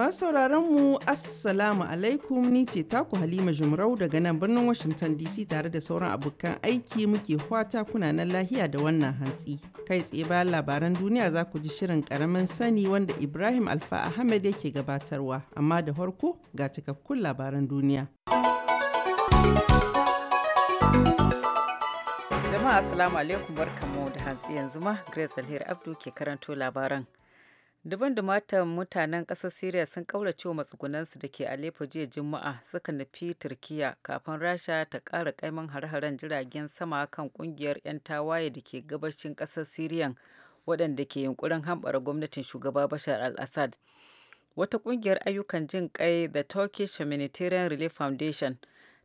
Masu sauraron mu Assalamu alaikum ni ce taku Halima Jumrau daga nan birnin Washington DC tare da sauran abokan aiki muke fata kuna nan lahiya da wannan hantsi. Kai tsaye bayan labaran duniya za ku ji shirin karamin sani wanda Ibrahim Alfa Ahmed yake gabatarwa amma da farko ga cikakkun labaran duniya. Jama'a Assalamu alaikum barkamu da hantsi yanzu ma Grace Alheri Abdu ke karanto labaran. Duban dumatan mutanen ƙasar Syria sun ƙaurace wa matsugunansu da ke Aleppo jiya Juma'a suka nufi turkiya kafin Rasha ta ƙara kaiman har-haren jiragen sama kan ƙungiyar 'yan tawaye da ke gabashin ƙasar Syria waɗanda ke yunkurin hambara gwamnatin shugaba Bashar al-Assad. Wata ƙungiyar ayyukan jin kai The Turkish Humanitarian Relief Foundation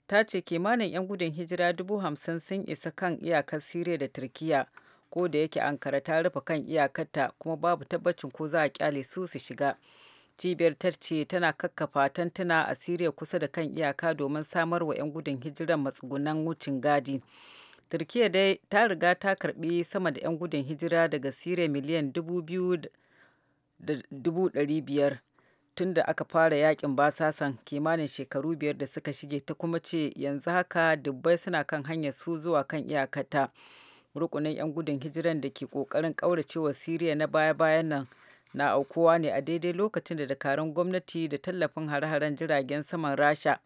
ta ce kimanin 'yan gudun hijira dubu sun isa kan iyakar Syria da turkiya ko da yake ankara ta rufe kan iyakarta kuma babu tabbacin ko za a kyale su su shiga cibiyar tarce tana kakkafa tantuna a siriya kusa da kan iyaka domin samar wa 'yan gudun hijirar matsugunan wucin gadi turkiya dai ta riga ta karbi sama da 'yan gudun hijira daga siriya miliyan 2,500 tun da aka fara yakin basasan kimanin shekaru biyar da suka shige ta kuma ce yanzu haka dubbai suna kan hanyar su zuwa kan iyakata rukunin 'yan gudun hijiran da ke kokarin wa siriya na baya-bayan nan na aukuwa ne a daidai lokacin da dakarun gwamnati da tallafin hare-haren jiragen saman rasha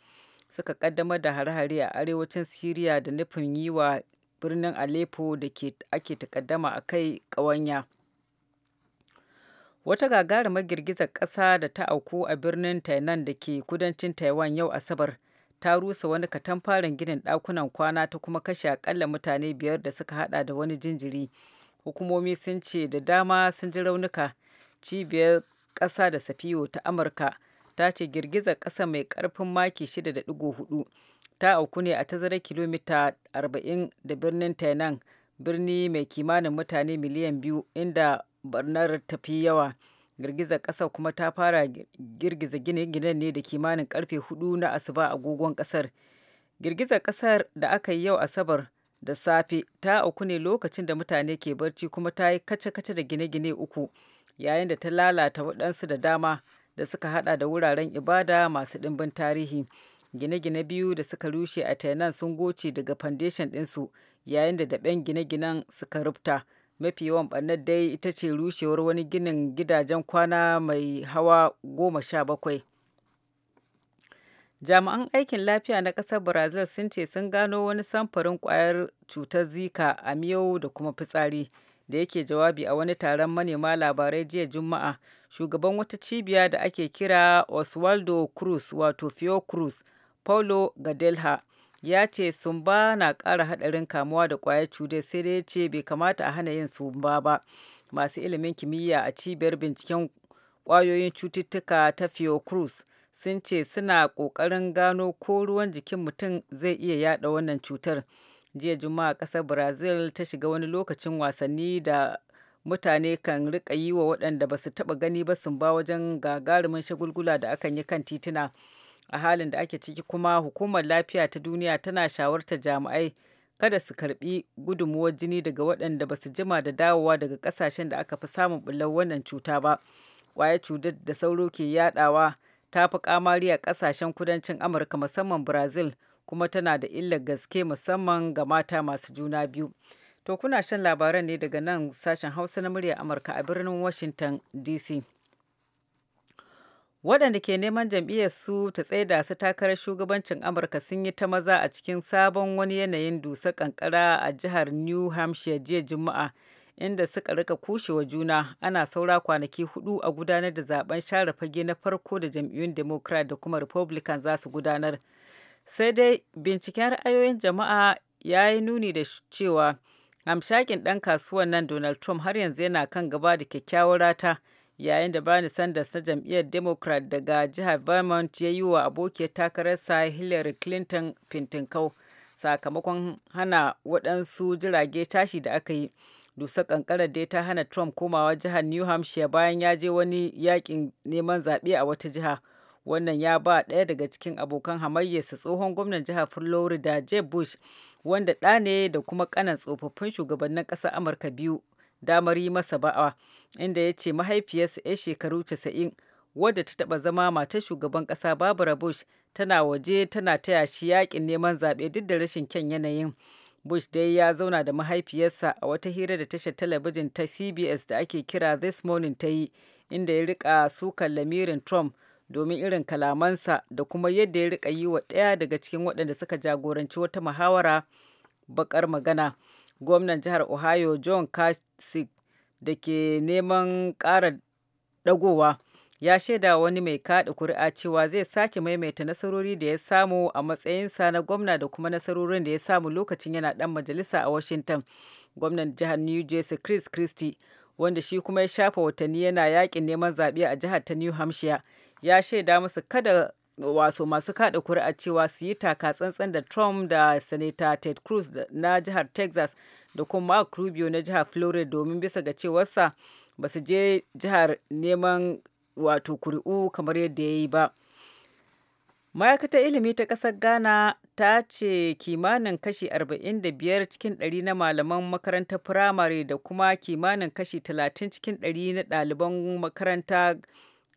suka kaddamar da hare-hare a arewacin siriya da nufin yi wa birnin aleppo da ake takaddama a kai ƙawanya wata gagarumar girgizar ƙasa da ta auku a birnin tainan da ke kudancin taiwan yau asabar ta rusa wani katamfarin ginin ɗakunan kwana ta kuma kashe akalla mutane biyar da suka hada da wani jinjiri hukumomi sun ce da dama sun ji raunuka cibiyar ƙasa da safiyo ta amurka ta ce girgizar ƙasa mai karfin maki 6.4 ta auku ne a tazara kilomita 40 da birnin tainan birni mai kimanin mutane miliyan biyu inda barnar tafi yawa girgizar ƙasa kuma ta fara girgiza gine-ginen ne da kimanin karfe hudu na asuba gogon ƙasar girgizar ƙasar da aka yi yau asabar da safe ta auku ne lokacin da mutane ke barci kuma ta yi kace-kace da gine-gine uku yayin da ta lalata waɗansu da dama da suka hada da wuraren ibada masu ɗimbin tarihi gine-gine biyu da suka rushe a tainan sun goce daga foundation ɗinsu yayin da daɓen gine-ginen suka rufta mafi yawan ɓannar dai ita ce rushewar wani ginin gidajen kwana mai hawa goma sha bakwai jami'an aikin lafiya na ƙasar brazil sun ce sun gano wani samfarin ƙwayar cutar zika a miyau da kuma fitsari da yake jawabi a wani taron manema labarai jiya juma'a shugaban wata cibiya da ake kira oswaldo cruz wato fio cruz paulo gadelha ya ce sumba na ƙara haɗarin kamuwa da ƙwayar cutar sai dai ce bai kamata a hana yin sumba ba masu ilimin kimiyya a cibiyar binciken ƙwayoyin cututtuka ta Cruz sun ce suna ƙoƙarin gano ko ruwan jikin mutum zai iya yaɗa wannan cutar jiya juma'a ƙasar brazil ta shiga wani lokacin wasanni da mutane kan rika yi wa waɗanda ba su taɓa gani ba sun ba wajen gagarumin shagulgula da akan yi kan tituna. a halin da ake ciki kuma hukumar lafiya ta duniya tana shawarta jami'ai kada su karbi gudunmuwar jini daga waɗanda ba su jima da dawowa daga ƙasashen da aka fi samun bullar wannan cuta ba waye cutar da sauro ke yadawa ta fi kamari a ƙasashen kudancin amurka musamman brazil kuma tana da illar gaske musamman ga mata masu juna biyu to kuna shan labaran ne daga nan sashen hausa na murya amurka a birnin washington dc waɗanda ke neman jam'iyyar su ta tsaida su takarar shugabancin amurka sun yi ta maza a cikin sabon wani yanayin dusa kankara a jihar new hampshire jiya juma'a inda suka rika kushewa juna ana saura kwanaki hudu a gudanar da zaben share fage na farko da jam'iyyun democrat da kuma republican za su gudanar sai dai binciken ra'ayoyin jama'a ya yi nuni da cewa hamshakin ɗan kasuwan nan donald trump har yanzu yana kan gaba da kyakkyawar rata yayin da Bernie Sanders na jam'iyyar Democrat daga jihar Vermont ya yi wa abokiyar takararsa Hillary Clinton fintinkau sakamakon hana waɗansu jirage tashi da aka yi. Dusar kankarar dai ta hana Trump komawa jihar New Hampshire bayan ya je wani yakin neman zaɓe a wata jiha. Wannan ya ba ɗaya daga cikin abokan hamayyarsa tsohon gwamnan jihar Florida Jeb Bush wanda ɗa ne da kuma ƙanan tsofaffin shugabannin ƙasar Amurka biyu. damar yi masa ba'a inda ya ce mahaifiyarsa 'yar shekaru 90 wadda ta taɓa zama matar shugaban ƙasa Barbara Bush tana waje tana taya shi yakin neman zaɓe duk da rashin kyan yanayin. Bush dai ya zauna da mahaifiyarsa a wata hira da tashar talabijin ta CBS da ake kira This Morning ta yi inda ya rika sukan lamirin Trump domin irin kalamansa da kuma yadda ya rika yi wa ɗaya daga cikin waɗanda suka jagoranci wata muhawara bakar magana. gwamnan jihar ohio john kasich da ke neman ƙara dagowa ya shaida wani mai kaɗa kuri'a cewa zai sake maimaita nasarori da ya samu a matsayinsa na gwamna da kuma nasarorin da ya samu lokacin yana ɗan majalisa a washington gwamnan jihar new jersey chris christie wanda shi kuma ya shafa watanni yana yakin neman zaɓe a jihar ta new hampshire ya shaida musu kada wasu masu kada kuri'a cewa su yi taka tsantsan da Trump da Senator Ted Cruz na jihar Texas da kuma Mark Rubio na jihar Florida domin bisa ga cewarsa ba su je jihar neman wato kuri'u kamar yadda ya yi ba. ma'aikatar ilimi ta kasar ghana ta ce kimanin kashi 45 cikin 100 na malaman makarantar firamare da kuma kimanin kashi 30 cikin 100 na ɗaliban makaranta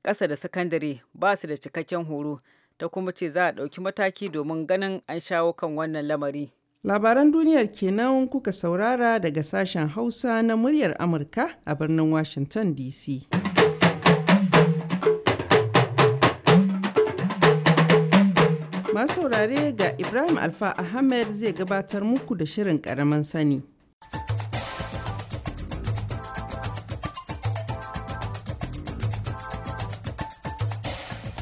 ƙasa da sakandare ba su da cikakken horo ta kuma ce za a ɗauki mataki domin ganin an shawo kan wannan lamari. Labaran duniyar kenan kuka saurara daga sashen Hausa na muryar Amurka a birnin Washington DC. Masu saurare ga Ibrahim Alfa Ahmed zai gabatar muku da shirin ƙaramin sani.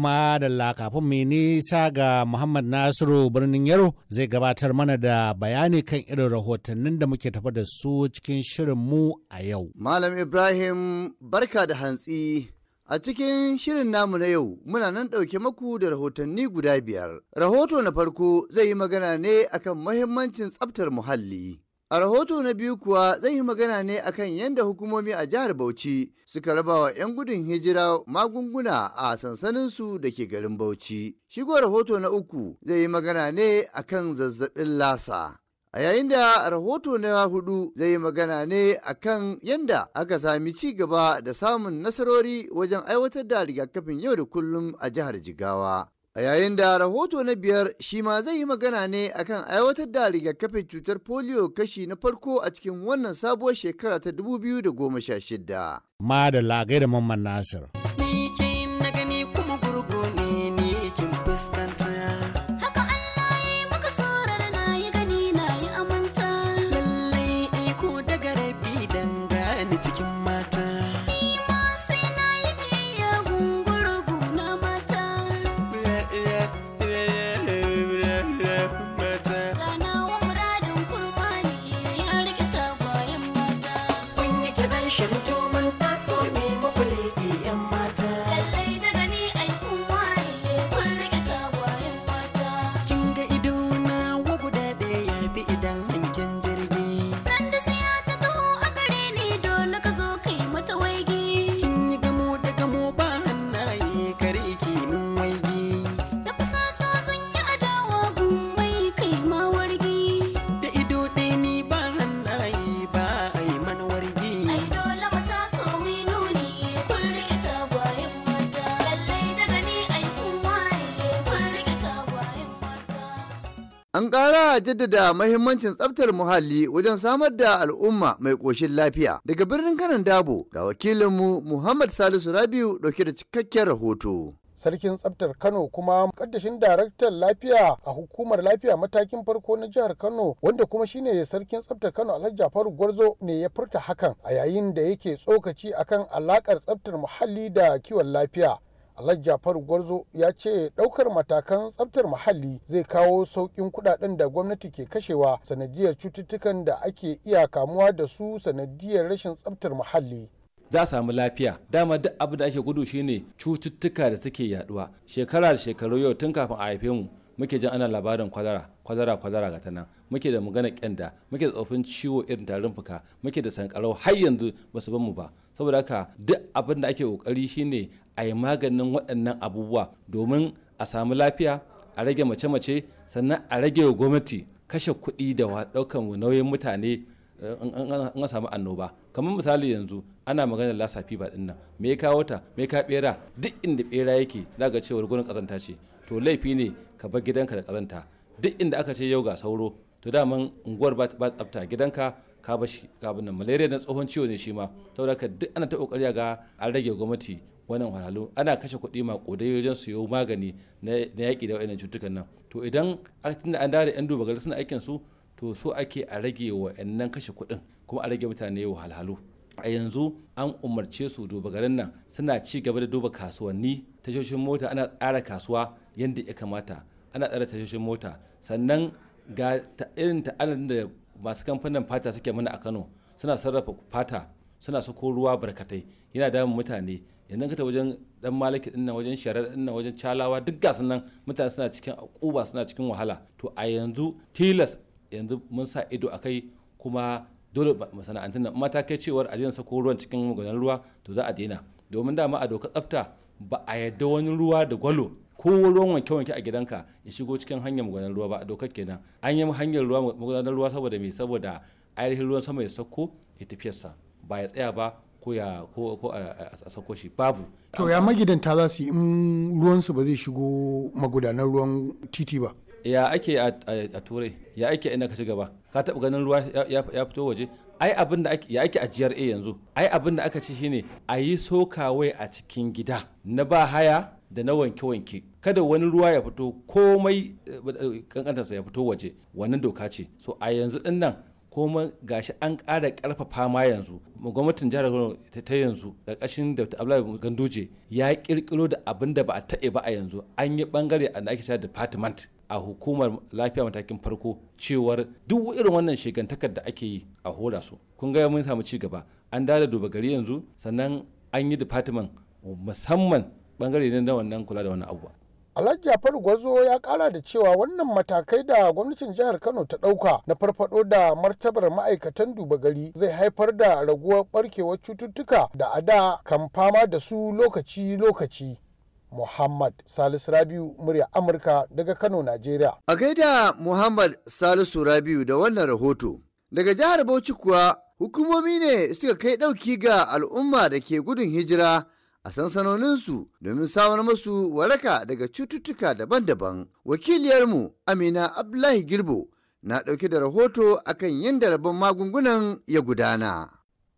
ma da lakafin mai nisa ga Muhammad Nasiru birnin Yaro zai gabatar mana da bayani kan irin rahotannin da muke tafa da su cikin shirin mu a yau. Malam Ibrahim barka da hantsi. A cikin shirin namu na yau muna nan ɗauke maku da rahotanni guda biyar. Rahoto na farko zai yi magana ne akan mahimmancin tsaftar muhalli. A rahoto na biyu kuwa zan yi magana ne akan yadda hukumomi a jihar Bauchi suka raba wa 'yan gudun hijira magunguna a sansaninsu da ke garin Bauchi. Shigo rahoto na uku zai yi magana ne akan zazzabin lasa. A yayin da rahoto na hudu zai yi magana ne akan yadda aka sami ci gaba da samun nasarori wajen aiwatar da rigakafin yau da kullum a jihar Jigawa. A yayin da rahoto na biyar shi ma zai yi magana ne akan aiwatar da rigakafin cutar polio kashi na farko a cikin wannan sabuwar shekara ta 2016. Ma da lagai da Mamman Nasir. An ƙara jaddada mahimmancin tsaftar muhalli wajen samar da al'umma mai ƙoshin lafiya. Daga birnin kanan dabo ga wakilinmu Muhammad Salisu Rabiu ɗauke da cikakken rahoto. sarkin tsabtar kano kuma kaddashin daraktan lafiya a hukumar lafiya matakin farko na jihar kano wanda kuma shine sarkin tsabtar kano alhaji jafaru gwarzo ne ya furta hakan a yayin da yake tsokaci akan alakar tsabtar muhalli da kiwon lafiya Alhaji Jafaru Gwarzo ya ce ɗaukar matakan tsaftar muhalli zai kawo sauƙin kuɗaɗen da gwamnati ke kashewa sanadiyar cututtukan da ake iya kamuwa da su sanadiyar rashin tsaftar muhalli. za a samu lafiya dama duk abin da ake gudu shine cututtuka da suke yaduwa shekara da shekaru yau tun kafin a haife mu muke jin ana labarin kwalara kwalara kwalara ga tana muke da magana kyanda muke da tsofin ciwo irin tarin fuka muke da sankarau har yanzu ba su mu ba saboda haka duk abin da ake kokari shine a yi maganin waɗannan abubuwa domin a samu lafiya a rage mace-mace sannan a rage wa gwamnati kashe kuɗi da ɗaukan nauyin mutane eh, in an samu annoba kamar misali yanzu ana magana lasafi ba ɗin nan me ya kawo ta me ka bera duk inda bera yake za ga cewar gurin kazanta ce to laifi ne ka bar gidanka da kazanta duk inda aka ce yau ga sauro to daman unguwar ba tsafta gidanka ka ba shi gabin nan malaria na tsohon ciwo ne shi ma saboda haka duk ana ta kokari ga an rage gwamnati wannan wahalhalu ana kashe kuɗi ma kodai wajen siyo magani na yaƙi da wa'annan cutukan nan to idan an dawo da 'yan duba gari suna aikin su to so ake a rage wa'annan kashe kuɗin kuma a rage mutane wahalhalu a yanzu an umarce su duba garin nan suna ci gaba da duba kasuwanni tashoshin mota ana tsara kasuwa yadda ya kamata ana tsara tashoshin mota sannan ga irin ta'adar da masu kamfanin fata suke mana a kano suna sarrafa fata suna sako ruwa barkatai yana damun mutane yanzu ka ta wajen dan maliki dinnan wajen sharar dinnan wajen calawa duk ga nan mutane suna cikin kuba suna cikin wahala to a yanzu tilas yanzu mun sa ido a kai kuma dole masana'antar nan mata kai cewar a daina sako ruwan cikin magudanar ruwa to za a daina domin dama a doka tsafta ba a yadda wani ruwa da gwalo ko ruwan wanke wanke a gidanka ya shigo cikin hanyar magudanar ruwa ba a dokar kenan an yi hanyar ruwa magudanar ruwa saboda me saboda ainihin ruwan sama ya sauko ya tafiyarsa ba ya tsaya ba ko ya ko a sauko shi babu to ya magidanta za su yi in ruwansu ba zai shigo magudanar ruwan titi ba ya ake a turai ya ake ina ka ci gaba ka taɓa ganin ruwa ya fito waje ai abin da ya ake a GRA yanzu ai abin da aka ci shine a yi sokawai a cikin gida na ba haya da na wanke-wanke kada wani ruwa ya fito komai kankantarsa eh, ya fito waje wannan doka ce so a yanzu din nan kuma gashi an ƙara ƙarfafa ma yanzu gwamnatin jihar kano ta yanzu ƙarƙashin da abdullahi ganduje ya ƙirƙiro da abin da ba a taɓe ba a yanzu an yi ɓangare a ake cewa department a hukumar lafiya matakin farko cewar duk irin wannan shegantakar da ake yi a hora su kun ga mun samu ci gaba an dada duba gari yanzu sannan an yi department musamman bangare ne na wannan kula da wannan abuwa. Alhaji Jafar Gwazo ya kara da cewa wannan matakai da gwamnatin jihar Kano ta ɗauka na farfaɗo da martabar ma'aikatan duba gari zai haifar da raguwar barkewar cututtuka da a da kan fama da su lokaci-lokaci. Muhammad Salisu Rabiu murya Amurka daga Kano, Najeriya. A gaida Muhammad Salisu Rabiu da wannan rahoto. Daga jihar Bauchi kuwa hukumomi ne suka kai ɗauki ga al'umma da ke gudun hijira a sansanoninsu domin samar masu waraka daga cututtuka daban-daban. Wakiliyarmu Amina Abdullahi Girbo na ɗauke da rahoto akan yadda rabon magungunan ya gudana.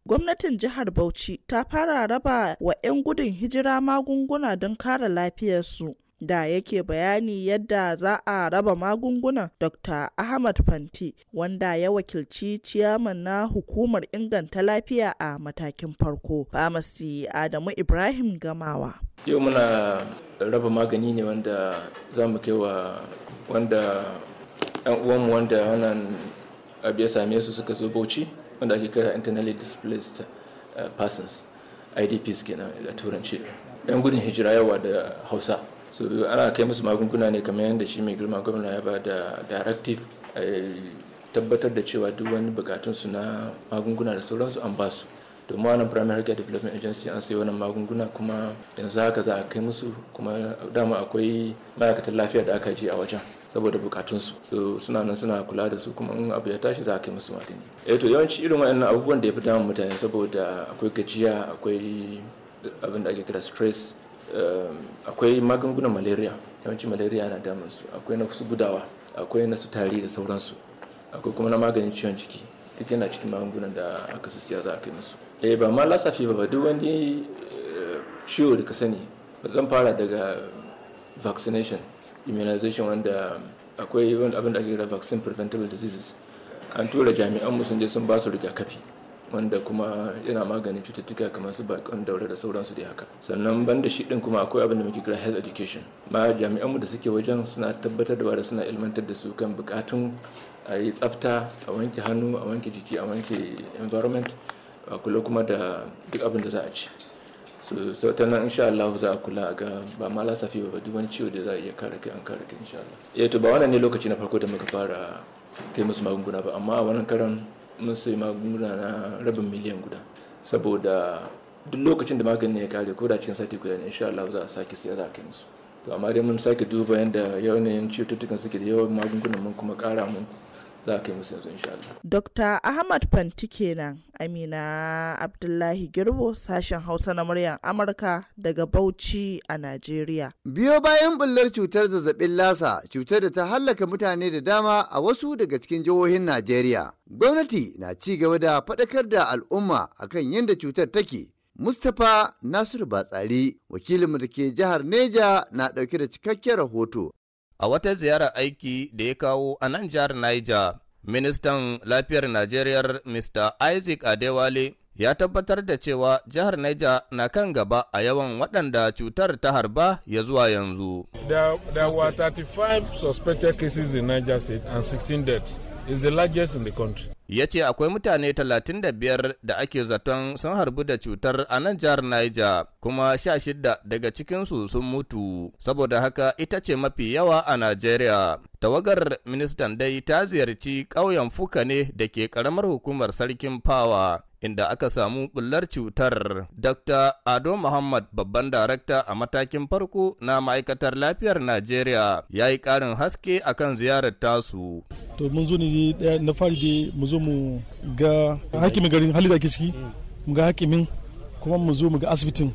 Gwamnatin jihar Bauchi ta fara raba wa 'yan gudun hijira magunguna don kare lafiyarsu. da yake bayani yadda za a raba magungunan Dr. Ahmad Fanti wanda ya wakilci ciyaman na hukumar inganta lafiya a matakin farko. Famasi Adamu Ibrahim Gamawa. Yau muna raba magani ne wanda za mu kai wa wanda yan uwanmu wanda wannan abu ya same su suka zo bauchi wanda ake kira internally displaced eh, persons idps kenan da turanci yan gudun hijira yawa da hausa so ana kai musu magunguna ne kamar yadda shi mai girma gwamna ya ba da directive tabbatar da cewa duk wani bukatunsu na magunguna da sauransu an basu domin wani primary care development agency an sai wani magunguna kuma yanzu haka za a kai musu kuma dama akwai ma'aikatan lafiya da aka je a wajen saboda bukatunsu so suna nan suna kula da su kuma in abu ya tashi za a kai musu magani eh to yawanci irin waɗannan abubuwan da ya fi damun mutane saboda akwai gajiya akwai abin da ake kira stress Eh, akwai magungunan malaria yawanci malaria na damun su akwai na su gudawa akwai na su tari da sauransu akwai kuma na maganin ciwon ciki duk yana cikin magungunan da aka siya za a kai musu eh ba ma lasafi ba duk wani eh, ciwo da ka sani zan fara daga vaccination immunization wanda akwai abin da ake kira vaccine preventable diseases an tura jami'an mu sun je sun ba su rigakafi wanda kuma yana maganin cututtuka kamar su bakon daure da sauransu da haka sannan banda shi din kuma akwai abin da muke kira health education ma jami'an mu da suke wajen suna tabbatarwa da suna ilmantar da su kan bukatun a yi tsafta a wanke hannu a wanke jiki a wanke environment a kula kuma da duk abin da za a ci so ta nan insha Allah za a kula ga ba ma lasafi ba duk wani ciwo da za a iya kare kai an kare kai insha Allah eh to ba wannan ne lokaci na farko da muka fara kai musu magunguna ba amma a wannan karan mun sai magunguna na rabin miliyan guda saboda duk lokacin da maganin ya kare ko da cikin sati guda ne insha Allah za a sake za a kai musu to amma dai mun sake duba yadda yanayin cututtukan suke da yawan magungunan mun kuma kara mun za ka yi musu yanzu insha Allah. Dr. Ahmad Fanti kenan Amina Abdullahi Girbo sashen Hausa na muryar Amurka daga Bauchi a Najeriya. Biyo bayan bullar cutar zazzabin lasa cutar da ta hallaka mutane da dama a wasu daga cikin jihohin Najeriya. Gwamnati na ci gaba da faɗakar da al'umma akan yadda cutar take. Mustapha Nasiru Batsari wakilinmu da ke jihar Neja na ɗauke da cikakken rahoto A wata ziyarar aiki da ya kawo a nan jihar Niger, ministan lafiyar Najeriya Mr. Isaac Adewale ya tabbatar da cewa jihar Niger na kan gaba a yawan waɗanda cutar ta harba ya zuwa yanzu. There, there were 35 suspected cases in Niger state and 16 deaths. It's the largest in the country. ya ce akwai mutane 35 da ake zaton sun harbu da cutar a nan jihar Niger kuma 16 daga cikinsu sun mutu saboda haka ita ce mafi yawa a Najeriya. Tawagar ministan dai ta ziyarci ƙauyen Fuka ne da ke ƙaramar hukumar Sarkin Fawa inda aka samu bullar cutar. Dr. Ado Muhammad babban darakta a matakin farko na ma'aikatar lafiyar Najeriya ya yi ƙarin haske akan ziyarar tasu. to mun zo ne na fari dai mu zo mu ga hakimin garin hali da ake ciki mu ga hakimin kuma mu zo mu ga asibitin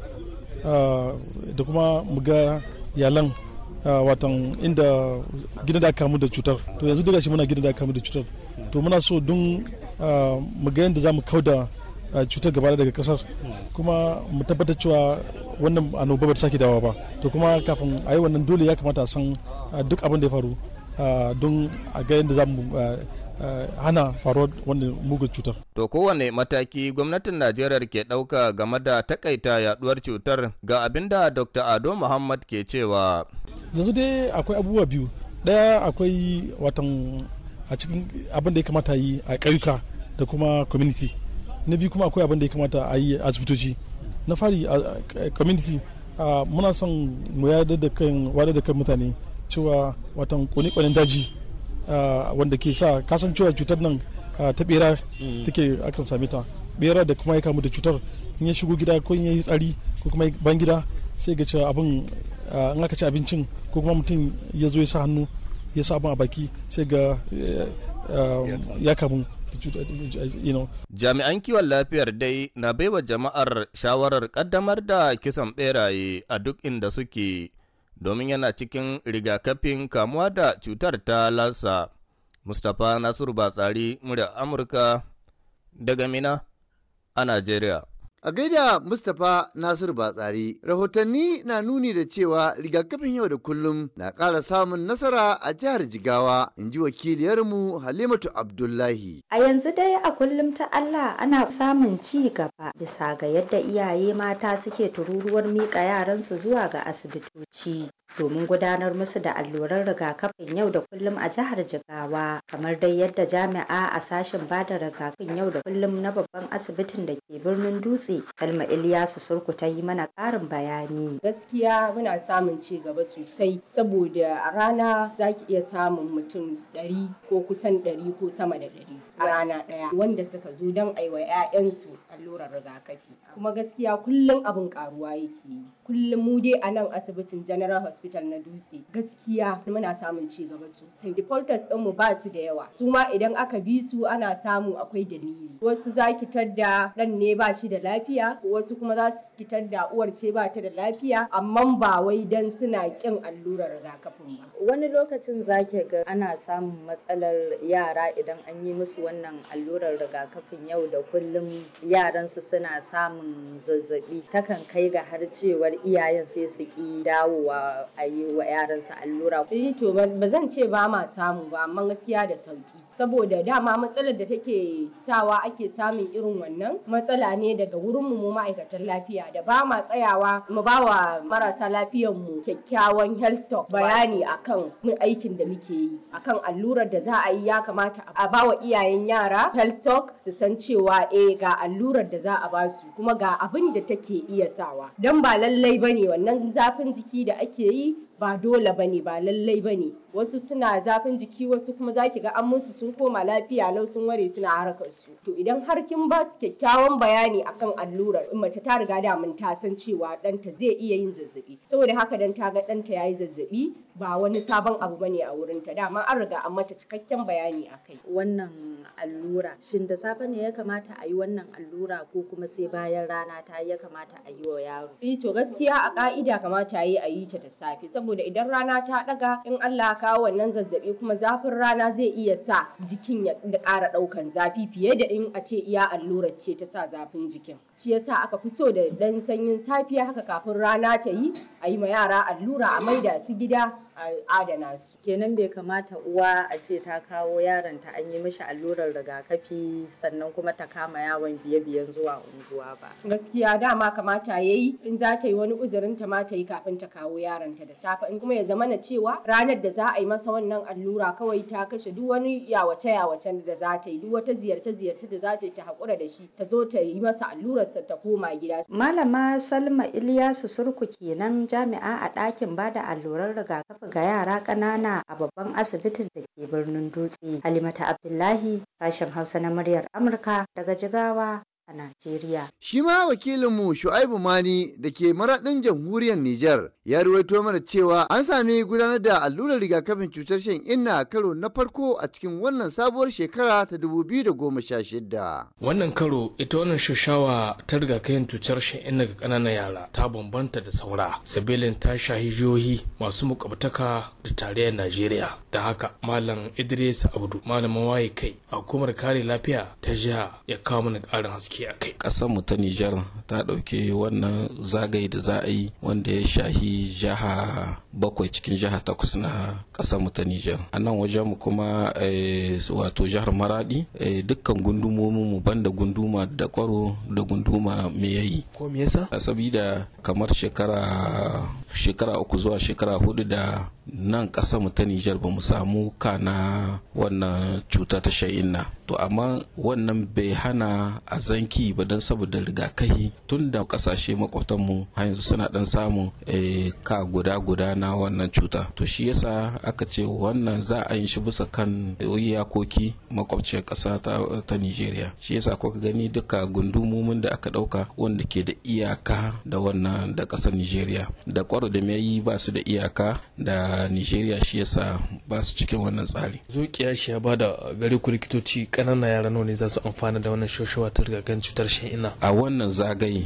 ah, da kuma mu ga yalan ah, watan inda gidan da kamu da cutar to yanzu daga shi muna gidan da kamu da cutar to muna so don ah, mu ga yadda za mu kau da cutar gaba daga kasar kuma mu tabbatar cewa wannan annoba ba ta sake dawa ba to kuma kafin a yi wannan dole ya kamata a san duk abin da ya faru Ah, don a ga yadda za mu eh, eh, hana faruwar wannan mugun cutar. To kowane mataki gwamnatin Najeriya ke ɗauka game da takaita yaduwar cutar ga abin da Dr. Ado Muhammad ke cewa. Yanzu dai akwai abubuwa biyu. Ɗaya akwai watan a cikin abin da ya kamata yi a ƙauyuka da kuma community. Na biyu kuma akwai abin da ya kamata a yi a asibitoci. Na fari a community ah, muna son mu yada da kan mutane cewa watan kone kone daji ah, wanda ke sa kasancewa cutar nan ah, ta bera take akan same ta bera da kuma ya kamu da cutar in ya shigo gida ko in ya yi tsari ko kuma ban gida sai ga cewa abin ah, in aka ci abincin ko kuma mutum ya zo ya sa hannu ya sa abin a baki sai ga eh, ya kamu Jami'an kiwon lafiyar dai na baiwa jama'ar shawarar kaddamar da kisan beraye a duk inda suke domin yana cikin rigakafin kamuwa da cutar ta lasa. Mustapha Nasiru Batsari, murya Amurka daga Mina a Najeriya. A gaida Mustapha Nasiru Batsari, rahotanni na nuni da cewa rigakafin yau da kullum na ƙara samun nasara a jihar Jigawa, in ji wakiliyarmu Halimatu Abdullahi. A yanzu dai a kullum ta Allah ana samun ci gaba bisa ga yadda iyaye mata suke tururuwar miƙa yaransu zuwa ga asibitoci domin gudanar musu da alluran rigakafin yau da kullum a jihar Jigawa kamar dai yadda jami'a a sashen bada rigakafin yau da kullum na babban asibitin da ke birnin Dutse Salma Iliyasu Surku ta yi mana ƙarin bayani. Gaskiya muna samun ci gaba sosai saboda a rana za ki iya samun mutum ɗari ko kusan ɗari ko sama da ɗari. rana ɗaya wanda suka zo don aiwa 'ya'yansu allurar rigakafi kuma gaskiya kullum abin karuwa yake yi kullum mu dai a nan asibitin general hospital na dutse gaskiya muna samun ci gaba sosai defaulters ɗinmu ba su da yawa su ma idan aka bi su ana samu akwai dalili wasu zaki tadda ɗan ne ba shi da lafiya wasu kuma za su kitar da uwar ce ba ta da lafiya amma ba wai dan suna kin allurar rigakafin ba wani lokacin zake ga ana samun matsalar yara idan an yi musu wannan allurar rigakafin yau da kullum yaran su suna samun zazzabi takan kai ga har cewar iyayen sai su ki dawowa a yi wa yaran su allura eh to ba zan ce ba ma samu ba amma gaskiya da sauki saboda dama matsalar da take sawa ake samun irin wannan matsala ne daga wurin mu ma'aikatan lafiya lafiya da ba ma tsayawa mu ba wa marasa lafiyan mu kyakkyawan health talk bayani akan aikin da muke yi akan allurar da za a yi ya kamata a ba wa iyayen yara health talk su san cewa eh ga allurar da za a ba su kuma ga abin da take iya sawa dan ba lallai bane wannan zafin jiki da ake yi ba dole ba ne ba lallai ba ne wasu suna zafin jiki wasu kuma za ki ga an musu sun koma lafiya lau sun ware suna harkar su to idan har kin ba su kyakkyawan bayani akan allurar in mace ta riga da mun ta san cewa ɗanta zai iya yin zazzabi saboda haka dan ta ga ɗanta yi zazzabi ba wani sabon abu bane a wurinta dama an riga an mata cikakken bayani akai wannan allura shin da safe ne ya kamata a yi wannan allura ko kuma sai bayan rana ta ya kamata a yi wa yaro eh to gaskiya a ka'ida kamata yi a yi ta da safe saboda idan rana ta daga in Allah kawo wannan zazzabi kuma zafin rana zai iya sa jikin ya ƙara ɗaukan zafi fiye da in a ce iya allurar ce ta sa zafin jikin shi yasa aka fi so da dan sanyin safiya haka kafin rana ta yi a yi ma yara allura a maida su gida adana su. Kenan bai kamata uwa a ce ta kawo yaron ta an yi mishi allurar rigakafi sannan kuma ta kama yawon biye-biyen zuwa unguwa ba. Gaskiya dama kamata ya yi in za ta yi wani uzurin ta mata yi kafin ta kawo yaron ta da safe in kuma ya zama na cewa ranar da za a yi masa wannan allura kawai ta kashe duk wani yawace-yawacen da za ta yi duk wata ziyarce-ziyarce da za ta yi ta haƙura da shi ta zo ta yi masa allurar ta koma gida. Malama Salma Iliyasu Surku kenan jami'a a ɗakin bada allurar rigakafi ga yara ƙanana a babban asibitin da ke birnin dutse halimata abdullahi sashen hausa na muryar amurka daga jigawa a Najeriya. Shi ma wakilinmu Shu'aibu Mani da ke maraɗin jamhuriyar Nijar ya ruwaito mana cewa an sami gudanar da allurar rigakafin cutar shan inna karo na farko a cikin wannan sabuwar shekara ta da goma sha 2016. Wannan karo ita wannan shushawa ta rigakafin cutar shan inna ga ƙananan yara ta bambanta da saura. Sabilin ta shahi jihohi masu mukabtaka da tarayyar Najeriya. Da haka Malam Idris Abdu malamin waye kai a hukumar kare lafiya ta jiha ya kawo mana ƙarin haske. gaskiya kai ƙasar mu ta Nijar ta ɗauke wannan zagaye da za a yi wanda ya shahi jiha bakwai cikin jiha takwas na ƙasar mu ta Nijar a nan wajen mu kuma eh, wato jihar Maradi eh, dukkan gundumomin mu banda gunduma da kwaro da gunduma me yayi ko me yasa sabida kamar shekara shekara uku zuwa shekara hudu da nan ƙasar mu ta Nijar ba mu samu kana wannan cuta ta sha'inna to amma wannan bai hana a zanki ba don saboda rigakahi tun da kasashe makwatanmu har yanzu suna dan samun eh, ka guda guda na wannan cuta to shi yasa aka ce wannan za a yi shi bisa kan iyakoki makwabciyar kasa ta nigeria shi yasa kuka gani duka gundumomin da aka dauka wanda ke da iyaka da wannan da kasar nigeria da kwaro da mai ba su da iyaka da nigeria shi yasa ba su cikin wannan tsari zuciya shi ya bada gari ku likitoci kananan yara nawa ne za su amfana da wannan shoshowa ta rigakafin cutar ina? a wannan zagaye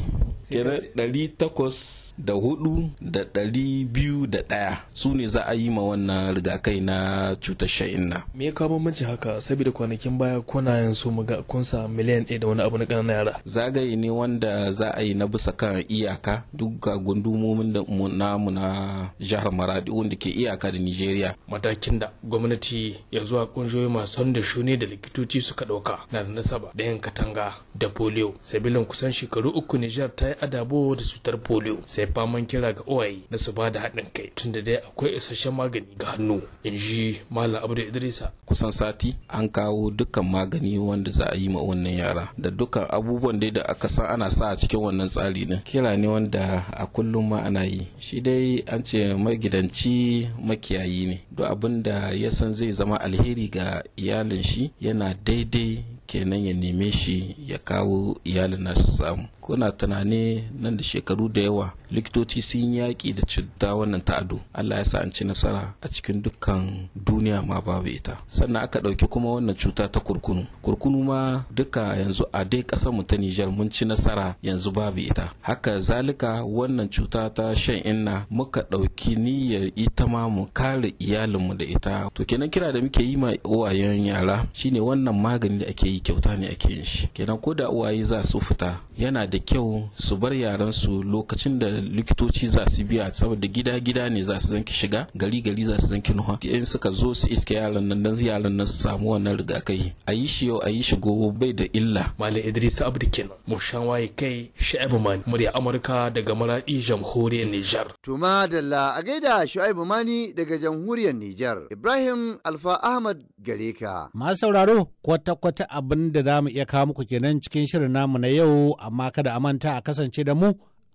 kenan 800 da hudu da ɗari biyu da ɗaya su ne za a yi ma wannan rigakai na cutar sha'inna. me ya kawo mace haka saboda kwanakin baya kuna yin su muga kun miliyan ɗaya da wani abu na ƙananan yara. zagaye ne wanda za a yi na bisa kan iyaka duk ga gundumomin da namu na jihar maradi wanda ke iyaka da nigeria. matakin da gwamnati ya a kunjoyi masu da shuni da likitoci suka ɗauka na da nasaba da yin katanga da polio sabilin kusan shekaru uku nijar ta yi adabo da cutar polio faman kira ga owaye na su bada haɗin kai tunda dai akwai isasshen magani ga hannu in ji malam abdu idrisa kusan sati an kawo dukkan magani wanda za a yi ma wannan yara da dukkan abubuwan dai da aka san ana sa a cikin wannan tsari ne. kira ne wanda a kullum ma ana yi shi dai an ce magidanci makiyayi ne duk abin da ya san zai zama alheri ga iyalin shi yana daidai kenan ya neme shi ya kawo iyalin nasu samu kuna tunani nan da shekaru da yawa likitoci sun yaƙi da cuta wannan ta ado allah ya sa an ci nasara a cikin dukkan duniya ma babu ita sannan aka ɗauki kuma wannan cuta ta kurkunu kurkunu ma duka yanzu a dai ƙasar mu ta nijar mun ci nasara yanzu babu ita haka zalika wannan cuta ta shan inna muka ɗauki niyyar ita ma mu kare iyalinmu da ita to kenan kira da muke yi ma uwayen yara shine wannan magani da ake yi kyauta ne ake yin shi kenan ko da uwaye za su fita yana da kyau su bar yaran su lokacin da likitoci za su biya saboda gida gida ne za su zanki shiga gari gari za su zanki nuha in suka zo su iske yaran nan dan yaran nan su samu wannan rigakafi a yi shi yau a yi shi gobe bai da illa malam idris abdu kenan mushan waye kai sha'ibu mani murya amurka daga maradi jamhuriyar nijar to madalla a gaida sha'ibu mani daga jamhuriyar nijar ibrahim alfa ahmad gare ka masu sauraro kwata kwata abin da za iya kawo muku kenan cikin shirin namu na yau amma kada a manta a kasance da mu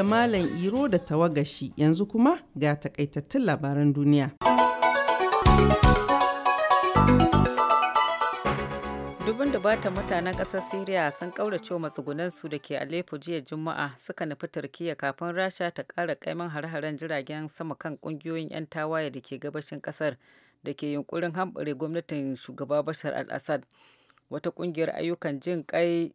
da Malam Iro da tawagashi yanzu kuma ga takaitattun labaran duniya. dubin ta mutanen kasar siriya sun kaurace su da ke aleppo jiya juma'a suka nufi turkiya kafin rasha ta kara kaiman har-haren jiragen sama kan kungiyoyin 'yan tawaye da ke gabashin kasar da ke yunkurin hamɓare gwamnatin shugaba bashar al-assad wata kungiyar ayyukan jin kai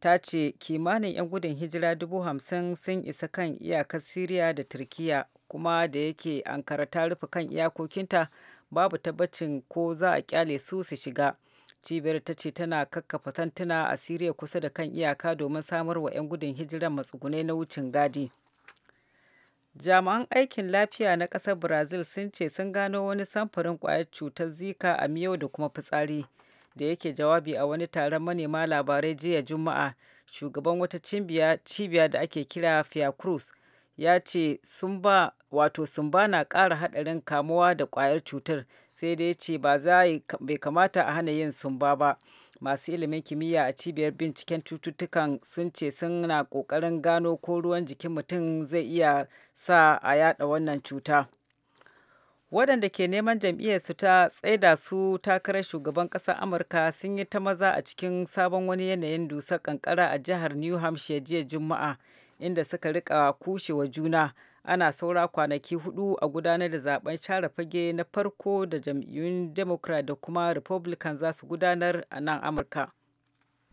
ta ce kimanin 'yan gudun hijira dubu hamsin sun isa kan iyakar siriya da turkiya kuma da yake ankara ta rufe kan iyakokinta babu tabbacin ko za a kyale su su shiga cibiyar ta ce tana kakkafa tantuna a siriya kusa da kan iyaka domin samar wa 'yan gudun hijiran matsugunai na wucin gadi jami'an aikin lafiya na ƙasar brazil sun ce sun gano wani samfurin ƙwayar cutar zika a miyau da kuma fitsari da yake jawabi a wani taron manema labarai jiya juma'a shugaban wata cibiya da ake kira fiacruz ya ce wato sumba na ƙara haɗarin kamuwa da kwayar cutar sai dai ce ba za bai kamata a hana yin sumba ba masu ilimin kimiyya a cibiyar binciken cututtukan sun ce suna ƙoƙarin gano ko ruwan jikin mutum zai iya sa a yada wannan cuta. waɗanda ke neman jam'iyyar su ta tsaida su takarar shugaban ƙasar amurka sun yi ta maza a cikin sabon wani yanayin dusar ƙanƙara a jihar new hampshire jiya juma'a inda suka rika kushewa juna ana saura kwanaki hudu a gudanar da zaben share fage na farko da jam'iyyun democrat da kuma republican za su gudanar a nan amurka